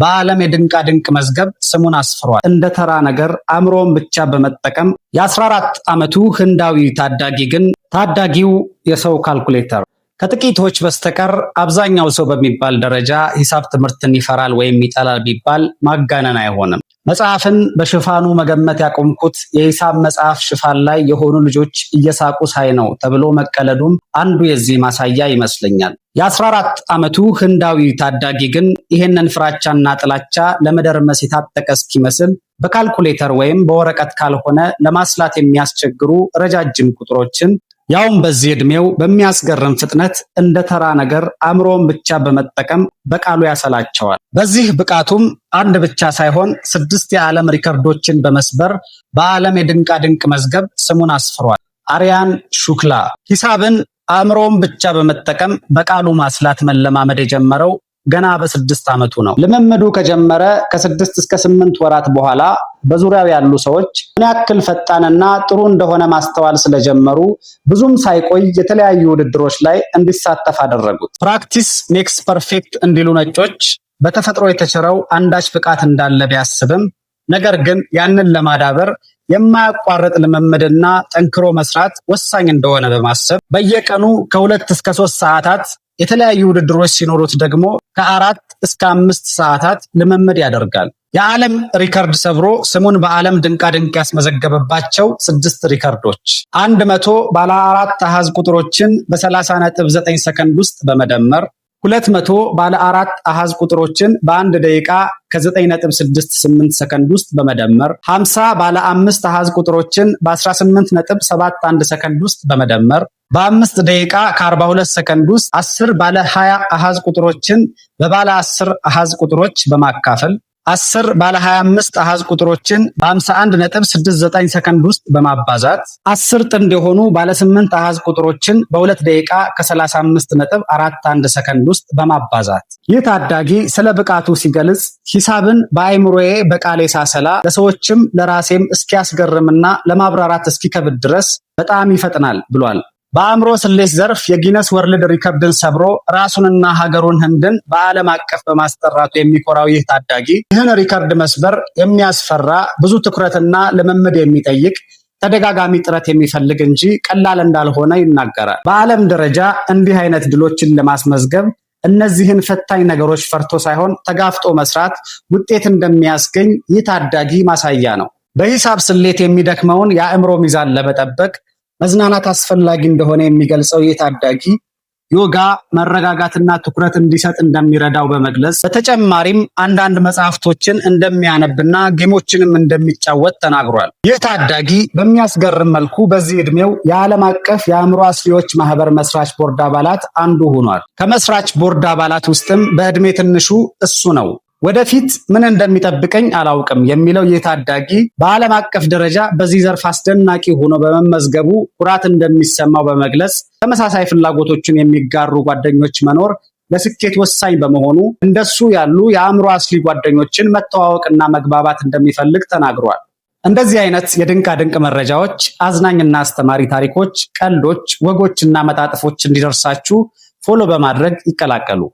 በዓለም የድንቃ ድንቅ መዝገብ ስሙን አስፍሯል። እንደ ተራ ነገር አእምሮን ብቻ በመጠቀም የ14 ዓመቱ ህንዳዊ ታዳጊ ግን ታዳጊው የሰው ካልኩሌተር ከጥቂቶች በስተቀር አብዛኛው ሰው በሚባል ደረጃ ሂሳብ ትምህርትን ይፈራል ወይም ይጠላል ቢባል ማጋነን አይሆንም። መጽሐፍን በሽፋኑ መገመት ያቆምኩት የሂሳብ መጽሐፍ ሽፋን ላይ የሆኑ ልጆች እየሳቁ ሳይ ነው ተብሎ መቀለዱም አንዱ የዚህ ማሳያ ይመስለኛል። የ14 ዓመቱ ህንዳዊ ታዳጊ ግን ይህንን ፍራቻና ጥላቻ ለመደርመስ የታጠቀ እስኪመስል በካልኩሌተር ወይም በወረቀት ካልሆነ ለማስላት የሚያስቸግሩ ረጃጅም ቁጥሮችን ያውም በዚህ ዕድሜው በሚያስገርም ፍጥነት እንደ ተራ ነገር አእምሮውን ብቻ በመጠቀም በቃሉ ያሰላቸዋል። በዚህ ብቃቱም አንድ ብቻ ሳይሆን ስድስት የዓለም ሪከርዶችን በመስበር በዓለም የድንቃ ድንቅ መዝገብ ስሙን አስፍሯል። አሪያን ሹክላ ሂሳብን አእምሮውን ብቻ በመጠቀም በቃሉ ማስላት መለማመድ የጀመረው ገና በስድስት ዓመቱ ነው። ልምምዱ ከጀመረ ከስድስት እስከ ስምንት ወራት በኋላ በዙሪያው ያሉ ሰዎች ምን ያክል ፈጣንና ጥሩ እንደሆነ ማስተዋል ስለጀመሩ ብዙም ሳይቆይ የተለያዩ ውድድሮች ላይ እንዲሳተፍ አደረጉት። ፕራክቲስ ሜክስ ፐርፌክት እንዲሉ ነጮች በተፈጥሮ የተቸረው አንዳች ብቃት እንዳለ ቢያስብም ነገር ግን ያንን ለማዳበር የማያቋርጥ ልምምድና ጠንክሮ መስራት ወሳኝ እንደሆነ በማሰብ በየቀኑ ከሁለት እስከ ሶስት ሰዓታት የተለያዩ ውድድሮች ሲኖሩት ደግሞ ከአራት እስከ አምስት ሰዓታት ልምምድ ያደርጋል። የዓለም ሪከርድ ሰብሮ ስሙን በዓለም ድንቃድንቅ ያስመዘገበባቸው ስድስት ሪከርዶች አንድ መቶ ባለ አራት አሃዝ ቁጥሮችን 30 ነጥብ 9 ሰከንድ ውስጥ በመደመር ሁለት መቶ ባለ አራት አሃዝ ቁጥሮችን በአንድ ደቂቃ ከ9.68 ሰከንድ ውስጥ በመደመር 50 ባለ አምስት አሃዝ ቁጥሮችን በ18.71 ሰከንድ ውስጥ በመደመር በአምስት ደቂቃ ከ42 ሰከንድ ውስጥ 10 ባለ 20 አሃዝ ቁጥሮችን በባለ 10 አሃዝ ቁጥሮች በማካፈል አስር ባለ 25 አሃዝ ቁጥሮችን በ51.69 ሰከንድ ውስጥ በማባዛት አስር ጥንድ የሆኑ ባለ 8 አሃዝ ቁጥሮችን በ2 ደቂቃ ከ35.41 ሰከንድ ውስጥ በማባዛት ይህ ታዳጊ ስለ ብቃቱ ሲገልጽ ሂሳብን በአይምሮዬ በቃሌ ሳሰላ ለሰዎችም ለራሴም እስኪያስገርምና ለማብራራት እስኪከብድ ድረስ በጣም ይፈጥናል ብሏል። በአእምሮ ስሌት ዘርፍ የጊነስ ወርልድ ሪከርድን ሰብሮ ራሱንና ሀገሩን ህንድን በዓለም አቀፍ በማስጠራቱ የሚኮራው ይህ ታዳጊ ይህን ሪከርድ መስበር የሚያስፈራ ብዙ ትኩረትና ልምምድ የሚጠይቅ ተደጋጋሚ ጥረት የሚፈልግ እንጂ ቀላል እንዳልሆነ ይናገራል። በዓለም ደረጃ እንዲህ አይነት ድሎችን ለማስመዝገብ እነዚህን ፈታኝ ነገሮች ፈርቶ ሳይሆን ተጋፍጦ መስራት ውጤት እንደሚያስገኝ ይህ ታዳጊ ማሳያ ነው። በሂሳብ ስሌት የሚደክመውን የአእምሮ ሚዛን ለመጠበቅ መዝናናት አስፈላጊ እንደሆነ የሚገልጸው ይህ ታዳጊ ዮጋ መረጋጋትና ትኩረት እንዲሰጥ እንደሚረዳው በመግለጽ በተጨማሪም አንዳንድ መጽሐፍቶችን እንደሚያነብና ጌሞችንም እንደሚጫወት ተናግሯል። ይህ ታዳጊ በሚያስገርም መልኩ በዚህ ዕድሜው የዓለም አቀፍ የአእምሮ አስሪዎች ማህበር መስራች ቦርድ አባላት አንዱ ሆኗል። ከመስራች ቦርድ አባላት ውስጥም በዕድሜ ትንሹ እሱ ነው። ወደፊት ምን እንደሚጠብቀኝ አላውቅም የሚለው ይህ ታዳጊ በዓለም አቀፍ ደረጃ በዚህ ዘርፍ አስደናቂ ሆኖ በመመዝገቡ ኩራት እንደሚሰማው በመግለጽ ተመሳሳይ ፍላጎቶችን የሚጋሩ ጓደኞች መኖር ለስኬት ወሳኝ በመሆኑ እንደሱ ያሉ የአእምሮ አስሊ ጓደኞችን መተዋወቅና መግባባት እንደሚፈልግ ተናግሯል። እንደዚህ አይነት የድንቃ ድንቅ መረጃዎች፣ አዝናኝና አስተማሪ ታሪኮች፣ ቀልዶች፣ ወጎችና መጣጥፎች እንዲደርሳችሁ ፎሎ በማድረግ ይቀላቀሉ።